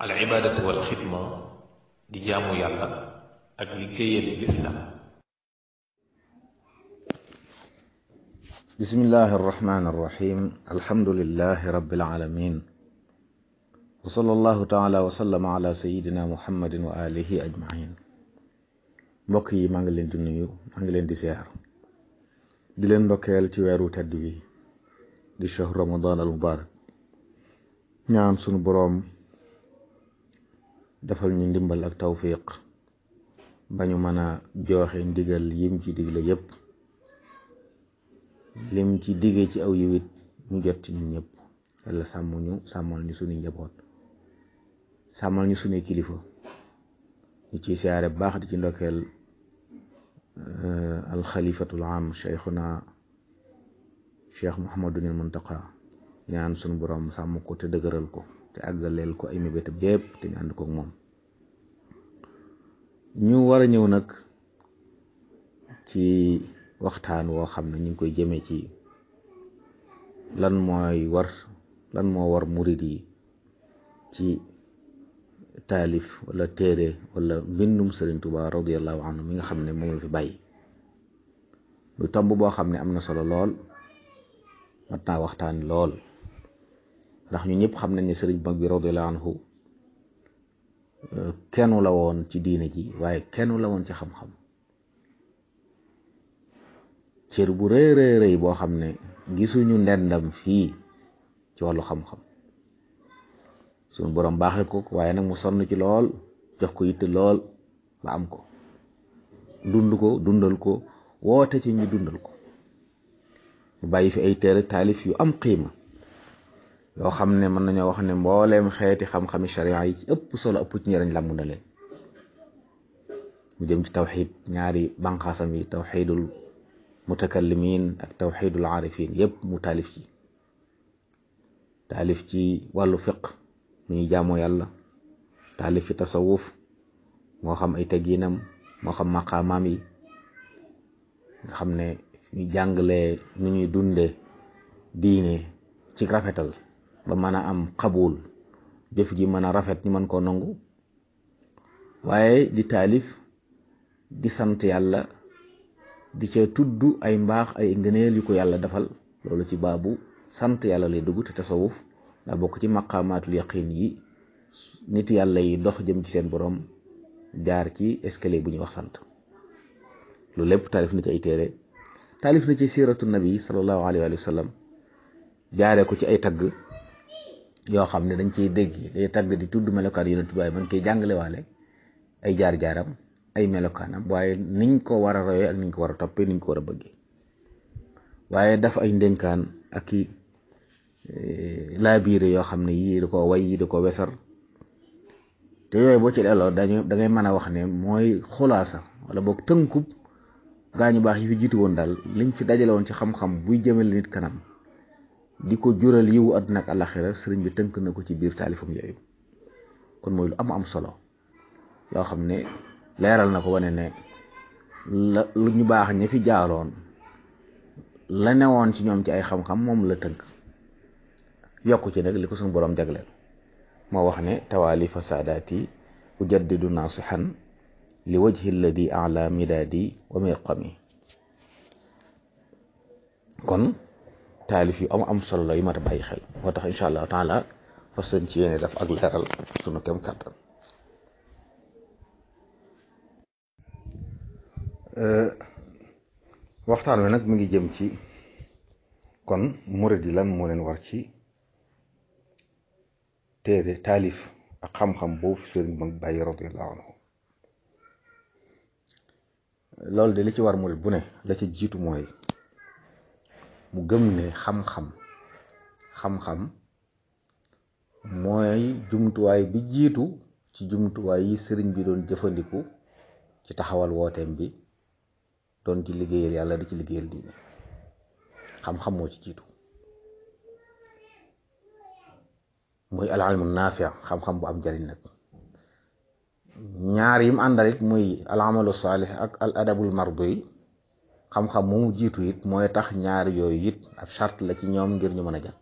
al ibaadatu wal xidma di jaamu yàlla ak liggéeyal lislaam bismillahi arrahmani arrahim alhamdulilahi rabbil alamin wa sallallahu taala wa sallama ala sayidina muhammadin wa alihi ajmain mbokk yi maa ngi leen di nuyu maa ngi leen di siyaar di leen ndokkeel ci weeru tedd wi di shahru ramadan al mubarak ñaan sunu boroom defal ñu ndimbal ak tawfiq ba ñu mën a joxe ndigal yim ci digle yépp lim ci digee ci aw yiwit ñu jot ci ñun ñëpp yàlla sàmm ñu sàmmal ñu suñu njaboot sàmmal ñu suñu kilifa ñu ciy siyaare bu baax di ci ndokkeel euh, alxalifatul am cheikhuna cheikh Mouhamadunil Muntaqa ñaan suñu borom sàmm ko te dëgëral ko te àggaleel ko ay mébétam yépp te ñu ànd kook moom ñu war a ñëw nag ci waxtaan woo xam ne ñu ngi koy jëmee ci lan mooy war lan moo war murid yi ci taalif wala téere wala mbindum sëriñ Tuubaa radiyallahu anhu mi nga xam ne moom la fi bàyyi muy tomb boo xam ne am na solo lool mat naa waxtaan lool ndax ñu ñëpp xam nañ ne sëriñ mag bi radiyallahu anhu euh, kennu la woon ci diine ji waaye kennu la woon ci xam-xam cër bu rëy rëy boo xam ne gisuñu ndendam fii ci wàllu xam-xam suñu borom baaxee ko waaye nag mu sonn ci lool jox ko yitte lool ba am ko dund ko dundal ko woote ci ñu dundal ko mu bàyyi fi ay téere taalif yu am qiima yoo xam ne mën nañoo wax ne mbooleem xeeti xam-xami sharia yi ci ëpp solo ëpp ci njëriñ làmb na leen mu jëm ci tawxid ñaari banqaasam yi tawxidul mutakallimin ak tawxidul aarifin yëpp mu taalif ci taalif ci wàllu fiq nu ñuy jaamoo yàlla taalif ci tasawuf moo xam ay teginam moo xam maqaamaam yi nga xam ne ñu jàngalee nu ñuy dunde diine ci rafetal ba mën a am xabul jëf ji mën a rafet ñu mën koo nangu waaye di taalif di sant yàlla di cee tudd ay mbaax ay ngëneel yu ko yàlla defal loolu ci baabu sant yàlla lay dugg te tasawuf daa bokk ci maqaamaatul yaqin yi nit yàlla yi dox jëm ci seen borom jaar ci escalier bu ñuy wax sant loolu lépp taalif na ci ay téere taalif na ci siiratu nabi sallallahu alayhi wa sallam jaaree ko ci ay tagg yoo xam ne dañ ciy dégg day tagg di tudd melokaan yonent bi waaye man koy jàngalewaale ay jaar-jaaram ay melokaanam waaye niñ ko war a ak niñ ko war a toppee niñ ko war a bëggee waaye daf ay ndénkaan ak i eh, laabiire yoo xam ne yii da ko way da ko wesar te yooyu boo ci delloo dañu da ngay mën a wax ne mooy xulaasa wala boog tënkub ñu baax yi fi jiitu woon daal liñ fi dajale woon ci xam-xam buy jëmale nit kanam di ko jural yiwu àdduna ak àlaxira sëriñ bi tënk na ko ci biir taalifam yooyu kon mooy lu am am solo loo xam ne leeral na ko wane ne lu ñu baax ña fi jaaroon la newoon ci ñoom ci ay xam-xam moom la tënk yokku ci nag li ko suñu boroom jagleel moo wax ne tawaali fasaadaati ujaddidu naasihan li wajhi alladi ala midaadi wa mirqami kon taalif yu am am solo la yu mat bàyyi xel moo tax incha allah taala fas nañ ci yéene def ak leeral sunu kem kàttan euh, waxtaan wi nag mu ngi jëm ci kon murid yi lan moo leen war ci téere taalif ak xam-xam boobu sëriñ mag bàyyi radiyallahu anhu loolu de li ci war murid bu ne la ci jiitu mooy mu gëm ne xam-xam xam-xam mooy jumtuwaay bi jiitu ci jumtuwaay yi sëriñ bi doon jëfandiku ci taxawal wooteem bi doon ci liggéeyal yàlla di ci liggéeyal diine xam-xam moo ci jiitu mooy al ilmu xam-xam bu am njariñ nag ñaar yim àndal it muy al amalu saalih xam-xam moomu jiitu yit mooy tax ñaar yooyu it ab charte la ci ñoom ngir ñu mën a jag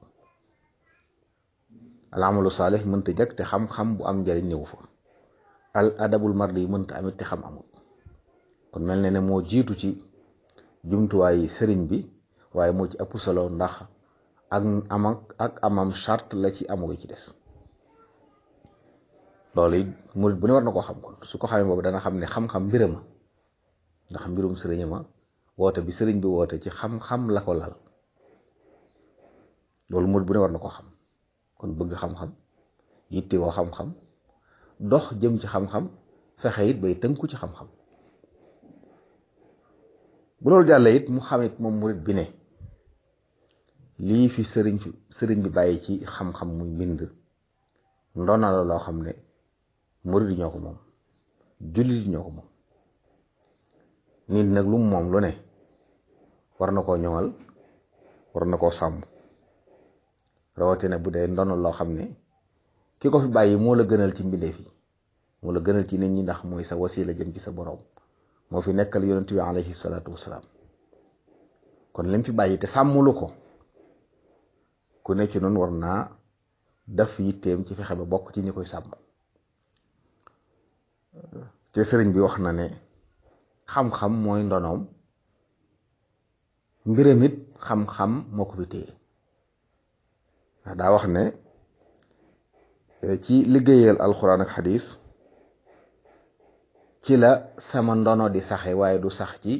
al amalu saalih mënta jag te xam-xam bu am njariñ ñëwu fa al adabul mardi mënta amit te xam amut kon mel na ne moo jiitu ci jumtuwaay yi sëriñ bi waaye moo ci ëpp solo ndax ak am ak amam charte la ci amoo ci des loolu it murid ne war na koo xam kon su ko xamee boobu dana xam ne xam-xam mbirama ndax mbirum sëriñama woote bi sëriñ bi woote ci xam-xam la ko lal loolu murid bu ne war na ko xam kon bëgg xam-xam yittewoo xam-xam dox jëm ci xam-xam fexe ci xam bu loolu jàllee it mu xam moom murid bi ne lii fi sëriñ sëriñ bi bàyyi ci xam-xam muy mbind ndona la loo xam ne murid ñoo ko moom jullit ñoo ko moom nit nag lu moom lu ne war na koo ñoŋal war na koo sàmm rawatina bu dee ndono loo xam ne ki ko fi bàyyi moo la gënal ci mbindeef yi moo la gënal ci nit ñi ndax mooy sa wasila jëm ci sa borom moo fi nekkal yonent bi alayhi salaatu wasalaam kon lañ fi bàyyi te sàmmulu ko ku ne ci noonu war naa def yitteem ci fexe ba bokk ci ñu koy sàmm te sëriñ bi wax na ne xam-xam mooy ndonoom mbiram it xam-xam moo ko fi téye daa wax ne eh, ci liggéeyal alxuraan ak xadiis ci la sama ndono di saxe waaye du sax ci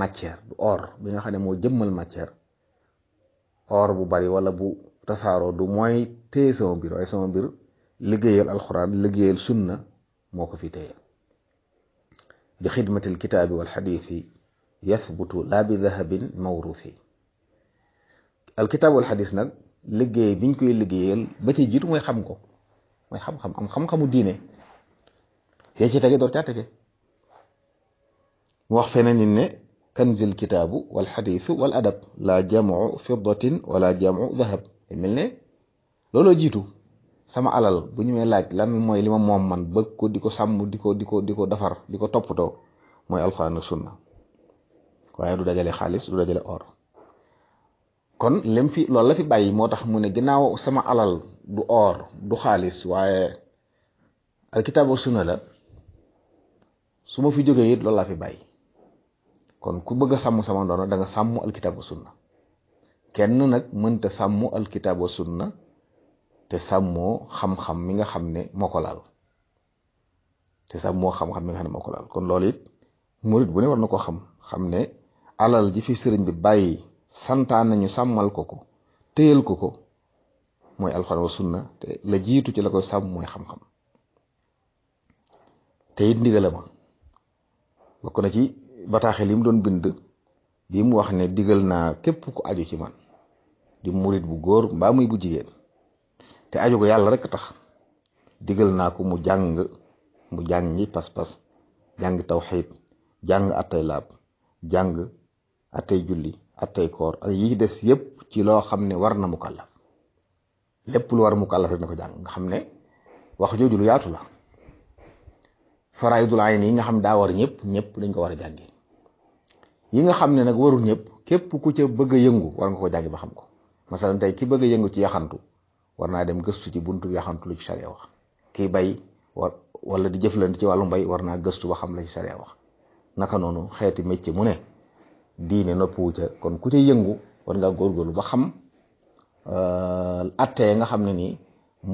matière du or bi nga xam ne moo jëmmal matière or bu bari wala bu tasaaroo du mooy téye sama mbir waaye sama mbir liggéeyal alxuraan liggéeyal sunna moo ko fi téye bi xidmatil kitaabi wal xadiisi yathbutu laa bi dahabin mawruufi alkitaab wal xadis nag liggéey biñ koy liggéeyal ba ci jiitu mooy xam ko mooy xam am xam-xamu diine yee ci tege door caa tege mu wax feneen nit ne kitaabu wal xadiisu wal adab laa jamu fiddatin wala jamu dahab mel ne jiitu sama alal bu ñu may laaj lan mooy li ma moom bëgg ko di ko sàmm di ko di ko di ko defar di ko toppatoo mooy alxuraan ak sunna waaye du dajale xaalis du dajale or kon lem fi loolu la fi bàyyi moo tax mu ne ginnaaw sama alal du or du xaalis waaye alkitaabu sunna la su ma fi jógee it loolu laa fi bàyyi kon ku bëgg sàmm sama ndono da nga sàmm alkitaabu sunna kenn nag mënta sàmm alkitaabu sunna te sàmmoo xam-xam mi nga xam ne moo ko laal te sàmmoo xam-xam mi nga xam ne moo ko kon loolu it murit bu ne war na ko xam xam ne alal ji fi sëriñ bi bàyyi santaan nañu sàmmal ko ko téyal ko ko mooy alxuraan wa sunna te la jiitu ci la koy sàmm mooy xam-xam te it ndigale ma bokk na ci bataaxel yi mu doon bind bi mu wax ne digal naa képp ku aju ci man di murit bu góor mbaa muy bu jigéen te aju ko yàlla rek tax digal naa ko mu jàng mu jàngi pas-pas jàng tawxiid jàng attay laab jàng attey julli attey koor ak yi des yépp ci loo xam ne war na mu kàllaf lépp lu war mu kàllaf rek na ko jàng nga xam ne wax jooju lu yaatu la faraydul ayn yi nga xam daa war ñëpp ñëpp dañ ko war a jàngi yi nga xam ne nag warul ñëpp képp ku ca bëgg yëngu war nga ko jàngi ba xam ko masalan tey ki bëgg a yëngu ci yaxantu war naa dem gëstu ci buntu yaxantu lu ci sariya wax kii bay war wala di jëflante ci wàllu mbay war naa gëstu ba xam la ci sariya wax naka noonu xeeti métier mu ne diine noppiwu ca kon ku ca yëngu war ngaa góorgóorlu ba xam euh, atte nga xam ne nii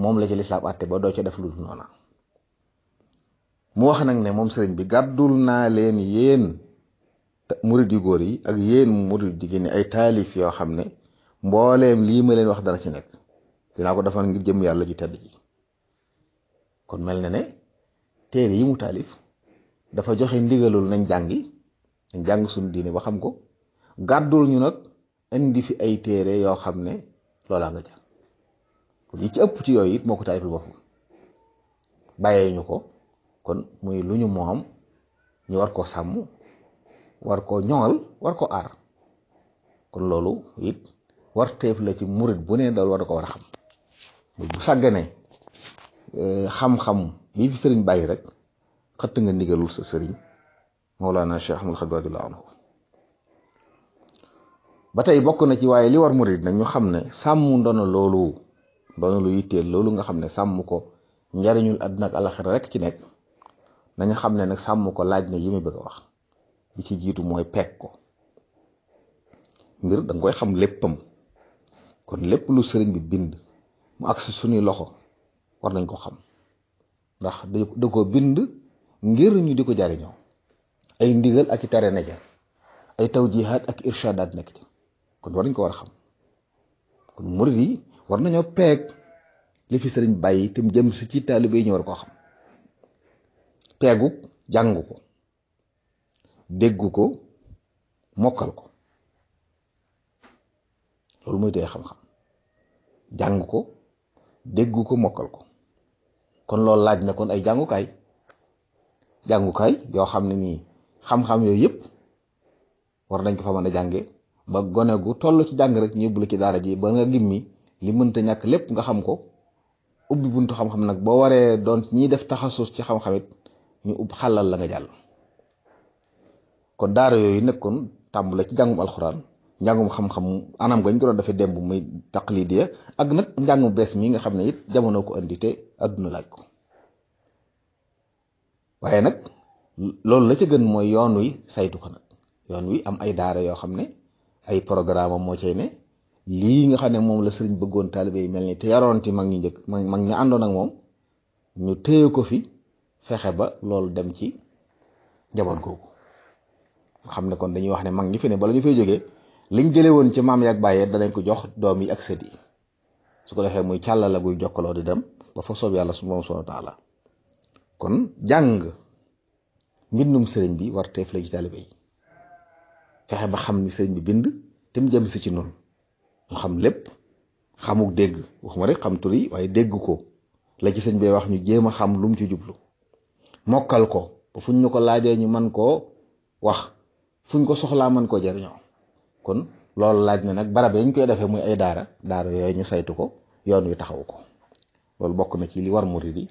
moom la ci lislaam atte ba doo ca def lu dul noona mu wax nag ne moom sëriñ bi gàddul naa leen yéen murid yu góor yi ak yéen murid jigéen ñi ay taalif yoo xam ne mbooleem lii ma leen wax dana ci nekk dinaa ko defal ngir jëm yàlla ju tedd ji kon mel na ne téere yi mu taalif dafa joxe ndigalul nañ jàngi jàng suñu diine ba xam ko gàddul ñu nag indi fi ay téere yoo xam ne loolaa nga jàng kon yi ci ëpp ci yooyu it moo ko taalifal boppam bàyyee ñu ko kon muy lu ñu am ñu war koo sàmm war koo ñoŋal war koo aar kon loolu it war teef la ci murit bu ne loolu war na ko war a xam bu sàgganee eh, xam-xam yi fi sëriñ bàyyi rek xëtt nga ndigalul sa sëriñ Mawlana Cheikh Ahmadou Khadim radiyallahu anhu ba tey bokk na ci waaye li war murid nag ñu xam ne sàmm ndono loolu ndono lu yitteel loolu nga xam ne sàmm ko njariñul àdduna ak alaxira rek ci nekk nañu xam ne nag sàmm ko laaj na yi muy bëgg a wax li ci jiitu mooy peek ko mbir da koy xam léppam kon lépp lu sëriñ bi bind mu agsi suñuy loxo war nañ ko xam ndax da ko bind ngir ñu di ko jariñoo ay ndigal ak i na ja ay tawjihaat ak irshadaat nekk ca kon war nañ ko war a xam kon murid yi war nañoo peeg li fi sëriñ bàyyi te mu jëm si ci taalibe yi ñu war koo peegu jàngu ko déggu ko mokkal ko loolu mooy tey xam-xam jàng ko déggu ko mokkal ko kon loolu laaj nekkoon ay jàngukaay jàngukaay yoo xam ne nii xam-xam yooyu yëpp war nañ ko fa mën a jànge ba gone gu toll ci jàng rek ñu yóbbu la ci daara ji ba nga gimmi li mënta ñàkk lépp nga xam ko ubbi buntu xam-xam nag boo waree doon ñiy def taxasus ci xam-xamit ñu ub xàllal la nga jàll kon daara yooyu nekkoon tàmbale ci jàngum alxuraan njàngum xam-xam anam gañ ko doon defee démb muy taqlidiya ak nag njàngum bees mi nga xam ne it jamono ko indi te àdduna laaj ko waaye nag loolu la ca gën mooy yoon wi saytu ko nag yoon wi am ay daara yoo xam ne ay programme am moo cay ne lii nga xam ne moom la sëriñ bëggoon taalibe yi mel ni te yaroon ci mag ñu njëkk mag mag ñu àndoon moom ñu téye ko fi fexe ba loolu dem ci njaboot googu nga xam ne kon dañuy wax ne mag ñi fi bala ñu fay jógee liñ jële woon ci maam yaak bàyyee daleen ko jox doom yi ak sët su ko defee muy càlla la guy jokkaloo di dem ba fa soob yàlla su moom subhaanahu wa kon jàng mbindum sëriñ bi war teef la ci taalibe yi fexe ba xam ni sëriñ bi bind te mu jëm si ci noonu ñu xam lépp xamuk dégg wax ma rek xam tur waaye dégg ko la ci sëñ bi wax ñu jéem a xam lu mu ci jublu mokkal ko ba fuñ ñu ko laajee ñu man koo wax fuñ ko soxlaa man koo jariñoo kon loolu laaj na nag barab yañ koy defee muy ay daara daara yooyu ñu saytu ko yoon wi taxawu ko loolu bokk na ci li war murid yi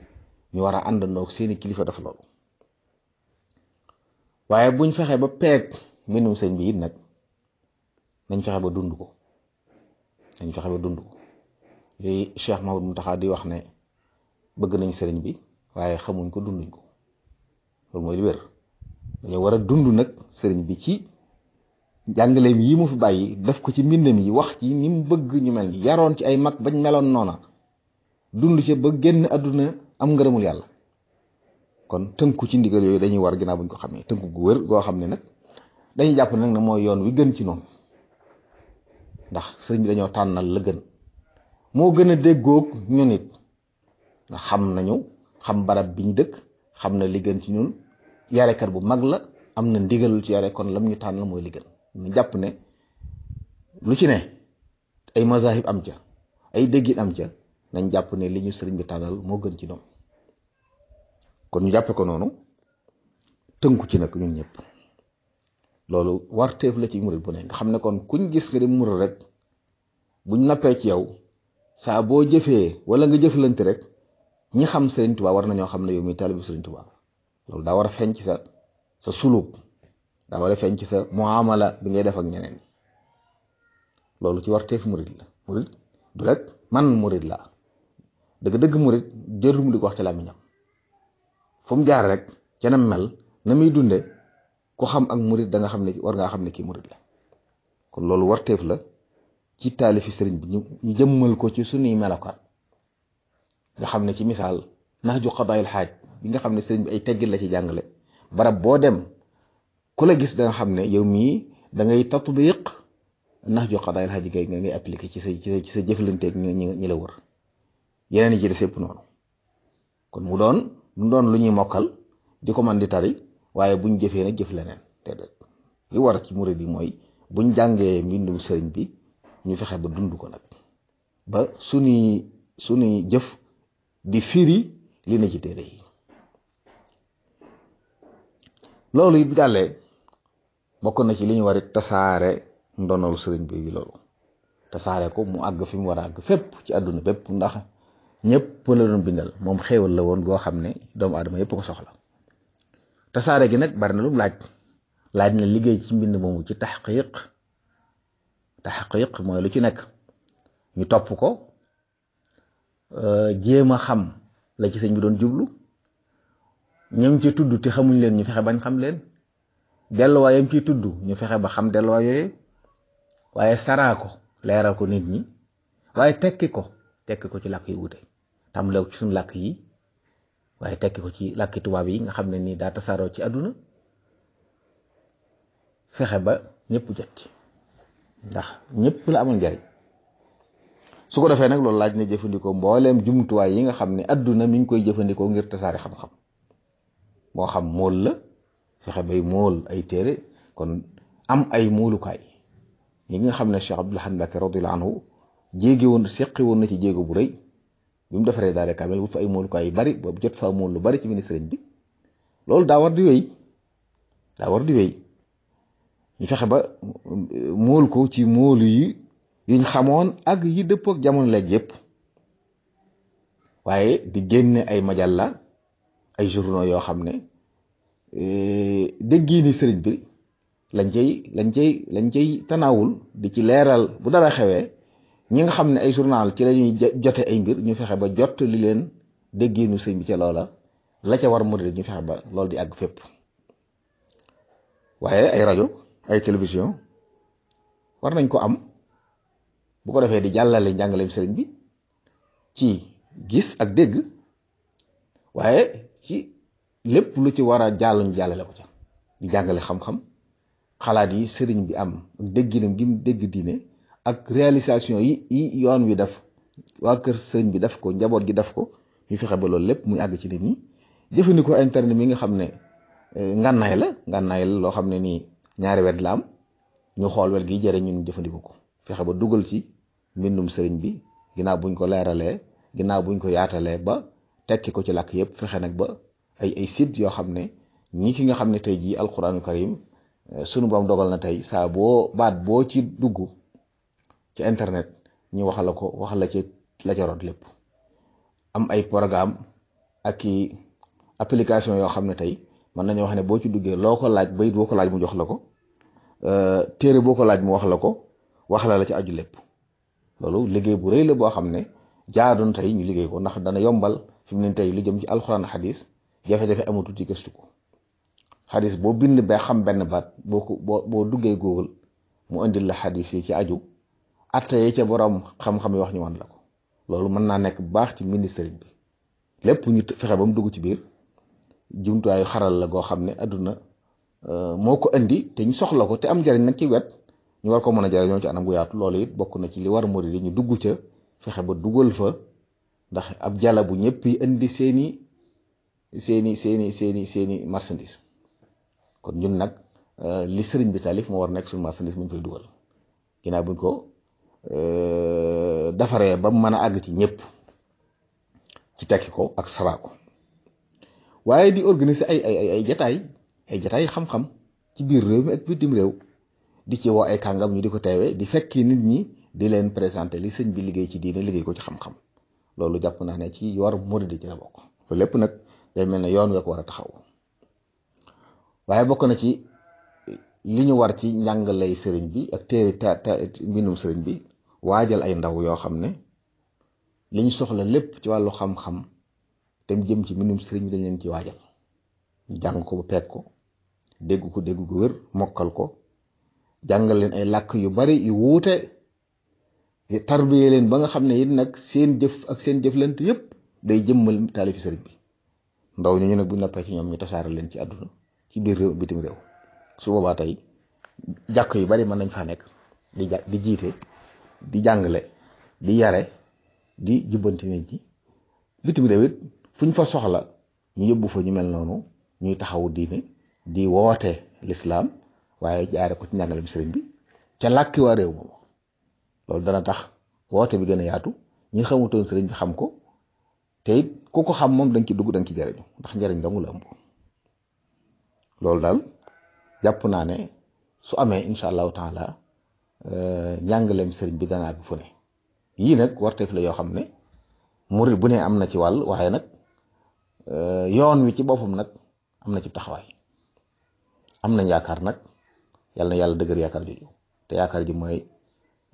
ñu war a àndandoo ak seeni kilifa def loolu waaye buñ fexe ba peeg mbindum sëñ bi it nag nañ fexe ba dund ko nañ fexe ba dund ko li Cheikh Mahmoud Mountakha di wax ne bëgg nañ sëriñ bi waaye xamuñ ko dunduñ ko loolu mooy li wér dañoo war a dund nag sëriñ bi ci jàngaleem yi mu fi bàyyi def ko ci mbindam yi wax ci ni mu bëgg ñu mel yaroon ci ay mag bañ meloon noona dund ca ba génn àdduna am ngërëmul yàlla kon tënku ci ndigal yooyu dañuy war ginnaaw bu ñu ko xamee tënku gu wër goo xam ne nag dañuy jàpp nag ne mooy yoon wi gën ci noonu ndax sëriñ bi dañoo tànnal la gën moo gën a déggoog ñu nit ndax xam nañu xam barab bi ñu dëkk xam na li gën ci ñun yarekat bu mag la am na ndigal ci yare la mu ñu tànnal mooy li gën ñu jàpp ne lu ci ne ay mazahib am ca ay déggin am ca nañ jàpp ne li ñu sëriñ bi tànnal moo gën ci ñoom kon ñu jàppe ko noonu tënku ci nag ñun ñëpp loolu warteef la ci murit bu ne nga xam ne kon kuñ gis nga di murit rek buñ nappee ci yow saa boo jëfee wala nga jëflante rek ñi xam Sëriñ Tuubaa war na ñoo xam ne yow mi taalibu Sëriñ Tuubaa loolu daa war a feeñ ci sa sa suluk daa war a feeñ ci sa muamala bi ngay def ak ñeneen loolu ci warteef murit la murit du rek man murit la dëgg-dëgg murit jërrum di ko wax ci làmmiñam fu mu jaar rek kenam mel na muy dunde ku xam ak murit da nga xam ne war ngaa xam ne kii murit la kon loolu warteef la ci taalifi sëriñ bi ñu jëmmal ko ci sunuy melokaan nga xam ne ci misaal nax ju xadaayil xaaj bi nga xam ne sëriñ bi ay teggin la ci jàngale barab boo dem ku la gis da xam ne yow mii da ngay tatbiq nax ju xadaayil xaaj ngay ngay appliqué ci sa ci sa jëflanteeg ñi ñi la wër yeneen yi ci des yëpp noonu kon mu doon. du doon ñuy mokkal di ko man di tari waaye buñ jëfee nag jëf leneen déedéet li war a ci murid yi mooy buñ jàngee mbindum sëriñ bi ñu fexe ba dund ko nag ba suñuy suñuy jëf di firi lii ne ci téere yi loolu it jàllee bokk na ci li ñu war tasaare ndonol sëriñ bi loolu tasaare ko mu àgg fi mu war a àgg fépp ci àdduna bépp ndax ñëpp la doon bindal moom xéewal la woon goo xam ne doomu adama yëpp ko soxla tasaare gi nag bari na lu laaj laaj na liggéey ci mbind moomu ci taxqiq taxqiq mooy lu ci nekk ñu topp ko euh, jéem a xam la ci sëñ bi doon jublu ñam ci tudd te xamuñ leen ñu fexe bañ xam leen delluwaay yam ciy tudd ñu fexe ba xam delluwaay yooyu waaye saraa ko leeral ko nit ñi waaye tekki ko tekki ko ci làkk yu wute tàmbulee ko ci yi waaye tekki ko ci làkki tubaab yi nga xam ne nii daa tasaaroo ci àdduna fexe ba ñëpp jot ndax ñëpp la amal njariñ su ko defee nag loolu laaj na jëfandikoo mbooleem jumtuwaay yi nga xam ne àdduna mi koy jëfandikoo ngir tasaare xam-xam moo xam mool la fexe bay mool ay téere kon am ay moolukaay yi nga xam ne Cheikh Abdoul Ahad Mbacké radiyallahu anhu jéegi woon seqi woon na ci jéego bu rëy bi mu defaree daale kaamil wut fa ay moolukaay yu bari boobu jot fa mool lu bari ci ministre bi loolu daa war di wéy daa war di wéy ñu fexe ba mool ko ci moolu yi yuñ xamoon ak yi dëppoo jamono laaj yëpp waaye di génne ay majalla ay journaux yoo xam ne e, déggii ni sëriñ bi lañ cay lañ cay lañ cay tanaawul di ci leeral bu dara xewee ñi nga xam ne ay journal ci lañuy ñuy jote ay mbir ñu fexe ba jot li leen déggiinu sëñ bi ca loola la ca war mu de ñu fexe ba loolu di àgg fépp waaye ay rajo ay télévision war nañ ko am bu ko defee di jàllale njàngaleem sëriñ bi ci gis ak dégg waaye ci lépp lu ci war a jàll ñu jàllale ko ca di jàngale xam-xam xalaat yi sëriñ bi am ak dégginam gi dégg diine ak réalisation yi yi yoon wi def waa kër sëriñ bi def ko njaboot gi def ko ñu fexe ba loolu lépp muy àgg ci nit ñi jëfandikoo internet mi nga xam ne eh, ngànnaay la ngànnaay la loo xam ne nii ñaari wet la ñu xool wet gi jëriñ ñun jëfandikoo ko fexe ba dugal ci mbindum sëriñ bi ginnaaw buñ ko leeralee ginnaaw buñ ko yaatalee ba tekki ko ci làkk yëpp fexe nag ba ay ay site yoo xam ne ñii ki nga xam ne tey jii alquranu karim eh, sunu borom dogal na tey saa boo baat boo ci dugg ci internet ñu waxal la ko waxal la ci la ca root lépp am ay programme ak i application yoo xam ne tey mën nañu wax ne boo ci duggee loo ko laaj bayit boo ko laaj mu jox la ko euh, téere boo ko laaj mu wax la ko wax la la ci aju lépp loolu liggéey bu rëy la boo xam ne jaadoon tey ñu liggéey ko ndax dana yombal fi mu ne tey lu jëm ci alxuraan xadis jafe-jafe amatul ci gëstu ko xadis boo bind ba xam benn baat boo ko boo boo duggee google mu indil la xadis yi ci aju atte yi ca boroom xam-xam yi wax ñu wan la ko loolu mën naa nekk bu baax ci ministère bi lépp ñu fexe ba mu dugg ci biir jumtuwaayu xaral la goo xam ne adduna euh, moo ko indi te ñu soxla ko te am njariñ nag ci wet ñu war ko mën a jariñoo ci anam gu yaatu loolu it bokk na ci li war murid yi ñu dugg ca fexe ba dugal fa ndax ab jala bu ñépp indi seeni seeni seeni seeni seeni marchandis kon ñun nag euh, li sëriñ bi taalif moo war nekk suñu marchandise bu koy dugal ginnaaw buñ ko Euh, defaree ba mu mën a àgg ci ñëpp ci tekki ko ak saraa waaye di organise ay ay ay jataay ay jataay xam-xam ci biir réew mi ak bitim réew di ci woo ay kàngam ñi di ko teewee di fekki nit ñi di leen présenté li sëñ bi liggéey ci diine liggéey ko ci xam-xam loolu jàpp naa ne ci yor murid ci la bokk loolu lépp nag day mel ne yoon wee war a taxaw waaye bokk na ci li ñu war ci njàngalay sëriñ bi ak téere ta ta mbindum sëriñ bi waajal ay ndaw yoo xam ne liñ soxla lépp ci wàllu xam-xam te mu jëm ci mbindum sëriñ bi dañ leen ci waajal jàng ko bu peeg ko dégg ko dégg ko wér mokkal ko jàngal leen ay làkk yu bari yu wuute tarbiye leen ba nga xam ne it nag seen jëf ak seen jëflant yëpp day jëmmal taalifi sëriñ bi ndaw ñooñu nag bu ñu ci ñoom ñu tasaare leen ci àdduna ci biir réew bitim réew su boobaa tey jàkk yu bari mën nañ faa nekk di di jiite. di jàngale di yare di jubbanti nit ñi bitim réew it fu ñu fa soxla ñu yóbbu fa ñu mel noonu ñuy taxawu diine di woote lislaam waaye jaare ko ci njàngalem sëriñ bi ca làkki waa réew moom loolu dana tax woote bi gën yaatu ñi xamutoon sëriñ bi xam ko te it ko xam moom dañ ci dugg dañ ci jariñu ndax njariñ dong la ëmb loolu daal jàpp naa ne su amee incha allahu taala Euh, njàngaleem sëriñ bi danaa bi fu ne yii nag warteef la yoo xam ne mur bu ne am na ci wàll waaye nag euh, yoon wi ci boppam nag am na ci taxawaay am na yaakaar nag yàlla na yàlla dëgër yaakaar jooju te yaakaar ji mooy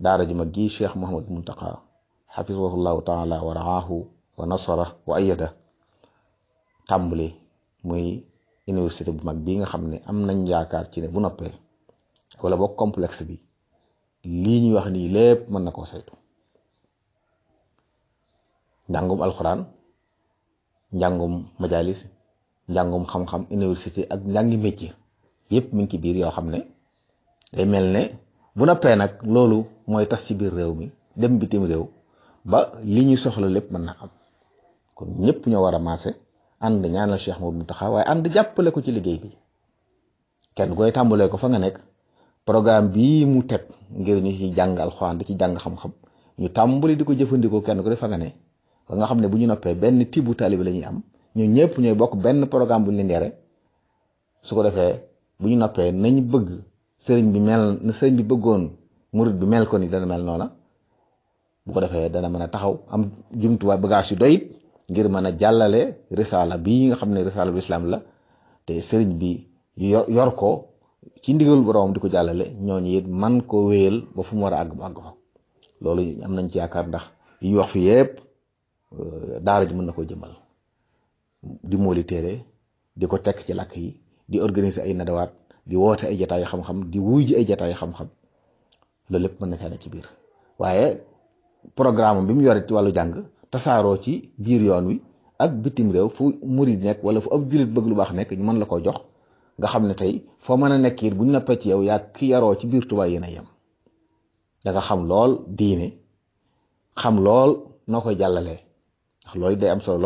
daara ju mag gi cheikh Mouhamadou Mountakha xafisahullahu taala wa raahu wa nasara wa ayada tàmbali muy université bu mag bii nga xam ne am nañ yaakaar ci ne bu noppee wala boog complex bi lii ñuy wax nii lépp mën na koo saytu njàngum alxuraan njàngum majalis njàngum xam-xam université ak njàngi métier yépp mi ngi ci biir yoo xam ne day mel ne bu noppee nag loolu mooy tas ci biir réew mi dem bitim réew ba li ñuy soxla lépp mën na am kon ñëpp ñoo war a maase ànd ñaanal Cheikh Mouhamadou taxa waaye ànd jàppale ko ci liggéey bi kenn koy tàmbalee ko fa nga nekk programme bii mu teg ngir ñu ci jàng alxuraan di ci jàng xam-xam ñu tàmbali di ko jëfandikoo kenn ku ne fa nga ne ba nga xam ne bu ñu noppee benn tibu taalibe la ñuy am ñun ñëpp ñooy bokk benn programme bu ñu leen yore su ko defee bu ñu noppee nañ bëgg sëriñ bi mel na bi bëggoon murit bi mel ko ni dana mel noona bu ko defee dana mën a taxaw am jumtuwaay bagage yu doy ngir mën a jàllale risaala bii nga xam ne risaala bu islam la te sëriñ bi yor ko. ci ndigal borom di ko jàllale ñooñu it man koo wéyal ba fu mu war a àgg mu àgg fa loolu am nañ ci yaakaar ndax yi ñu wax fi yëpp euh, daara ji mën na koo jëmal di mooli téere di ko tekk ci làkk yi di organiser ay nadawaat di woote ay jataay xam-xam di wuy ji ay jataay xam-xam loolu lépp mën na caa ne ci biir waaye programme bi mu yore ci wàllu jàng tasaaroo ci biir yoon wi ak bitim réew fu murid nekk wala fu ab jullit bëgg lu baax nekk ñu mën la koo jox nga xam ne tey foo mën a nekk it bu ñu noppee ci yow yaat ki yaroo ci biir Tuubaa yéen a yem xam lool diine xam lool noo koy jàllale ndax loolu day am solo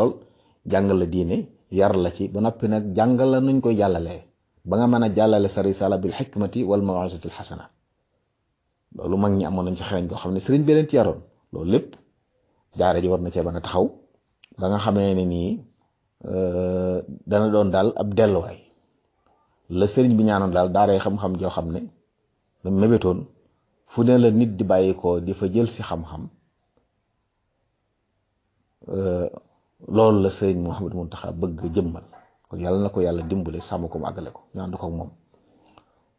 lool diine yar la ci ba noppi nag jàngal la nuñ koy jàllale ba nga mën a jàllale sa risala bil xikmati wal mawazatil xasana loolu mag ñi amoon nañ ci xereñ koo xam ne seriñ bi leen yaroon loolu lépp daara ji war na cee mën a taxaw ba nga xamee ne nii euh, dana doon daal ab delluwaay la sëriñ bi ñaanoon daal daaray xam-xam joo xam ne la mébétoon fu ne la nit di bàyyi ko di fa jël si xam-xam euh, loolu la sëriñ Mouhamadou Mountakha bëgg jëmmal kon yàlla na ko yàlla dimbale sàmm ko mu àggale ko ñaan ko ak moom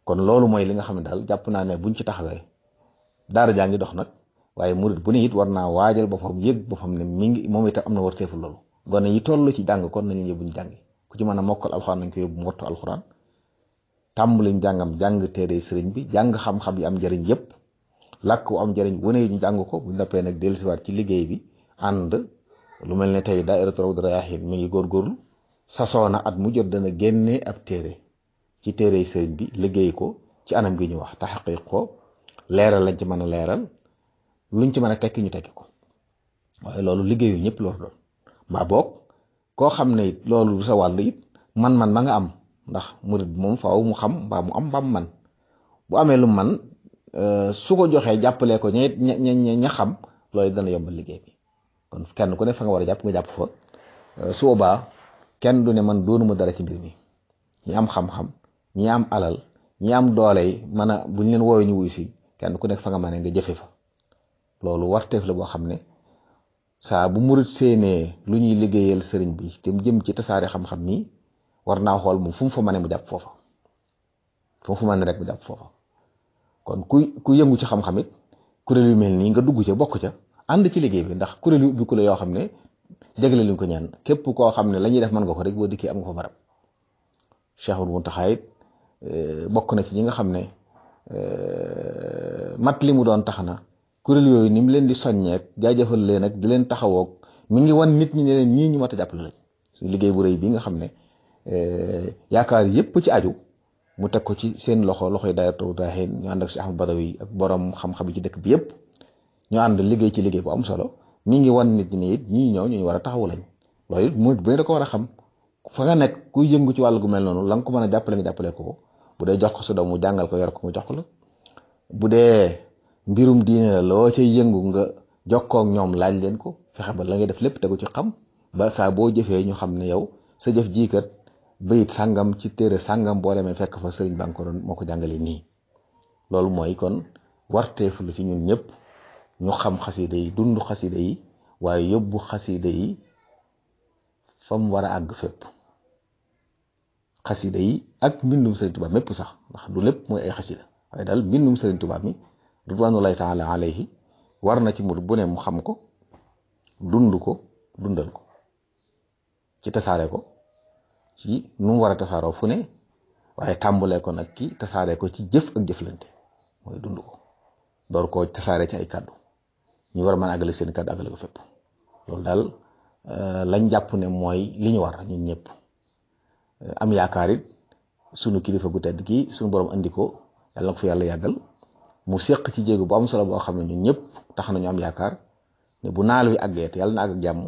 kon loolu mooy li nga xam ne daal jàpp ne buñ ci taxawee daara jaa ngi dox nag waaye murit bu ne it war naa waajal boppam yëg boppam ne mi ngi moom itam am na warteefu loolu gone yi toll ci jàng kon nañu yóbbuñ jàngi ku ci mën a mokkal alxuraan nañ ko yóbbu mu wattu alxuraan tàmbali njàngam jàng téere sëriñ bi jàng xam-xam yi am njariñ yépp lakk wu am njëriñ wane ñu jàng ko bu noppee nag dellusiwaat ci liggéey bi ànd lu mel ne tey daayiratu Rawdu Rayaahiin mi ngi góorgóorlu sasoona at mu jot dana génnee ab téere ci téere yi sëriñ bi liggéey ko ci anam gi ñu wax taxaqiq ko leeral lañ ci man a leeral luñ ci mën a tekki ñu tekki ko waaye loolu liggéeyu ñëpp loolu doon maa boog koo xam ne it loolu sa wàll it man-man ma nga am ndax murit bi moom faaw mu xam mbaa mu am mbaa man bu amee lu man euh, su ko joxee jàppalee ko ña ña ña xam loolu dana yombal liggéey bi kon kenn ku ne fa nga war a jàpp nga jàpp fa euh, su boobaa kenn du ne man doonuma dara ci mbir mi ñi am xam-xam alal ñi doole yi mën a bu ñu woowee ñu si kenn ku nekk fa nga mën nga jëfe fa loolu warteef la boo xam ne saa bu murit séenee lu ñuy liggéeyal sëriñ bi te jëm ci tasaare xam-xam nii war naa xool mu fu mu fa mane mu jàpp foofa fu mu fa mane rek mu jàpp foofa kon ku ku yëngu ci xam-xam it kuréel yu mel nii nga dugg ca bokk ca ànd ci liggéey bi ndax kuréel yu ubbi ku la yoo xam ne jagle luñ ko ñaan képp koo xam ne la ñuy def man nga ko rek boo dikkee am nga fa barab Cheikhul Muntaxa it eh, bokk na ci ñi nga xam ne eh, mat li mu doon tax na kuréel yooyu ni mu leen di soññeek jaajëfal leen ak di leen taxawoog mu ngi wan nit ñi ne ñii ñu mat a jàppale lañ liggéey bu rëy nga xam ne yaakaar yëpp ci aju mu teg ko ci seen loxo loxoy daayira Hizbut Tarqiyyah ñu ànd ak si Ahmad Badawi ak borom xam-xam yi ci dëkk bi yëpp ñu ànd liggéey ci liggéey bu am solo mi ngi wan nit ñi it ñii ñëw ñu war a taxawu lañ loolu it mu bu ne da war a xam fa nga nekk kuy yëngu ci wàll gu mel noonu la nga ko mën a jàppale nga jàppale ko bu dee jox ko sa doom mu jàngal ko yor ko nga jox la bu dee mbirum diine la loo cay yëngu nga jokkook ñoom laaj leen ko fexe ba la ngay def lépp tegu ci xam ba boo jëfee ñu xam ne yow sa jëf jii bayit sàngam ci téere sàngam boo fekk fa sëriñ ba ko doon moo ko jàngale nii loolu mooy kon warteef lu ci ñun ñëpp ñu xam xasida yi dund xasida yi waaye yóbbu xasida yi fam war a àgg fépp xasida yi ak mbindum sëriñ Tuubaa mépp sax ndax du lépp mooy ay xasida waaye dal mbindum sëriñ Tuubaa mi ridwaanullaahi taala alayhi war na ci mur bu ne mu xam ko dund ko dundal ko ci tasaare ko ci nu mu war a tasaaroo fu ne waaye tàmbalee ko nag ki tasaaree ko ci jëf ak jëflante mooy dund ko door ko tasaaree ci ay kàddu ñu war a mën a seen kàddu àggale ko fépp loolu daal euh, lañ jàpp ne mooy li ñu war ñu ñëpp am yaakaar it sunu kilifa gu tedd gi sunu borom andi ko yàlla na yàlla yàggal mu seq ci jéego boo am solo boo xam ne ñun ñëpp tax na ñu am yaakaar ne bu naal wi àggee te yàlla na àgg ak jàmm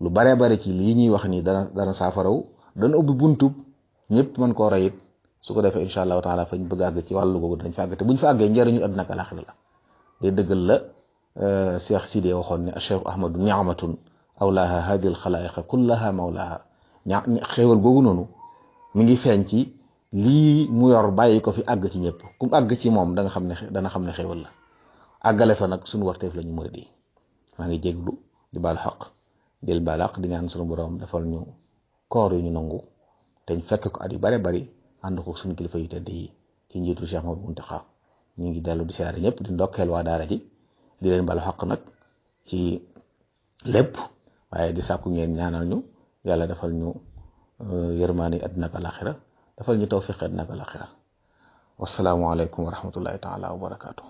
lu baree bare ci lii ñuy wax nii dana dana saafaraw doon ubbi buntu ñëpp mën koo roy it su ko defee incha allahu taala fañ bëgg àgg ci wàllu googu dañ fa àgg te buñ fa àggee njëriñu àdduna ak alaxira la day dëggal la euh, Cheikh Sidé waxoon ne a Cheikh Ahmadu niamatun awlaaha hadi alxalaayiqa kullaha mawlaaha ña xéewal googu noonu mu ngi feeñ ci lii mu yor bàyyi ko fi àgg ci ñëpp ku àgg ci moom da xam ne dana xam ne xéewal la àggale fa nag suñu warteef la ñu murid yi maa ngi jéglu di baal xaq del baalaq di ñaan sunu borom defal ñu koor yu ñu nangu te ñu fekk ko at yu bare bari ànd ko suñu kilifa yu te di ci njiitul Cheikh Mouhamadou Mountakha ñu ngi dellu di siyaare ñëpp di ndokkeel waa daara ji di leen balu xaq nag ci lépp waaye di sàkku ngeen ñaanal ñu yàlla defal ñu euh, yërmaani àddina ak alaxira defal ñu taw tawfiq àddina ak alaxira wassalaamu aleykum wa rahmatullahi taala wa barakaatu